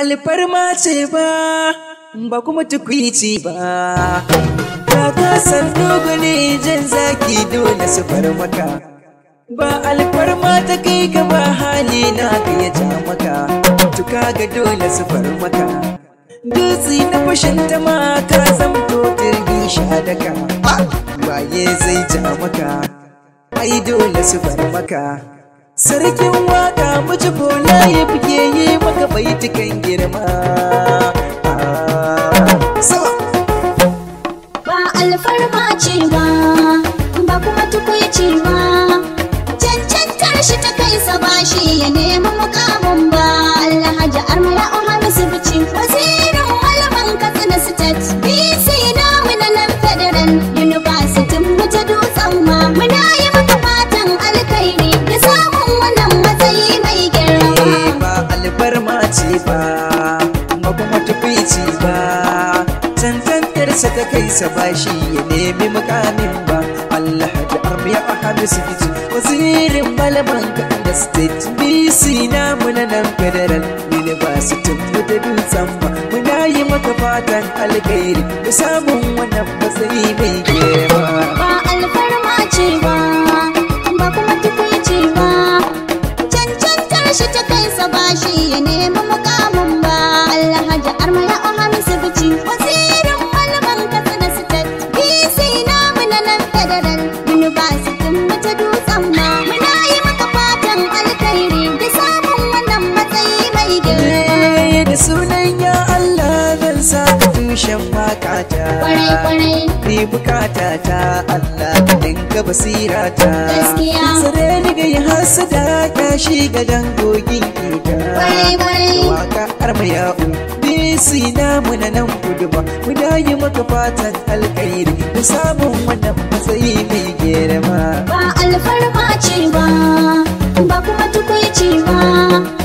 alfarma ce ba ba kuma tukwici ba Ba kasar dogone jan zaki dole su farmaka ba alfarma ta kai ka ba hali na ka ya ja maka tuka ga dole su farmaka Dutsi na fashin ta ma ka zamto jirgin shadaka waye zai ja maka ai dole su farmaka sarkin waka muji bola ya fi ga baitukan girma ba alfarma ce ba ba kuma tukuyi ba cancantar shi ta kai sa ba shi ya nemi mukamin ba alhaji ba kuma tukwici ba cancantarsa ta kai sa shi ya nemi mukamin ba Allah da arbiya a su fito wazirin malaman ka state bc na muna nan federal university mu da dutsen ba muna yi maka fatan alkhairi da samun wannan matsayi mai ƙarshen fakata ni bukata ta Allah ka dinka basira ta sare ni ga ya hasada ka shi ga dangogin kita waka armaya bisi na muna nan gudu ba mu yi maka fatan alkhairi da samun wannan matsayi mai girma ba alfarma ce ba ba kuma tukuici ba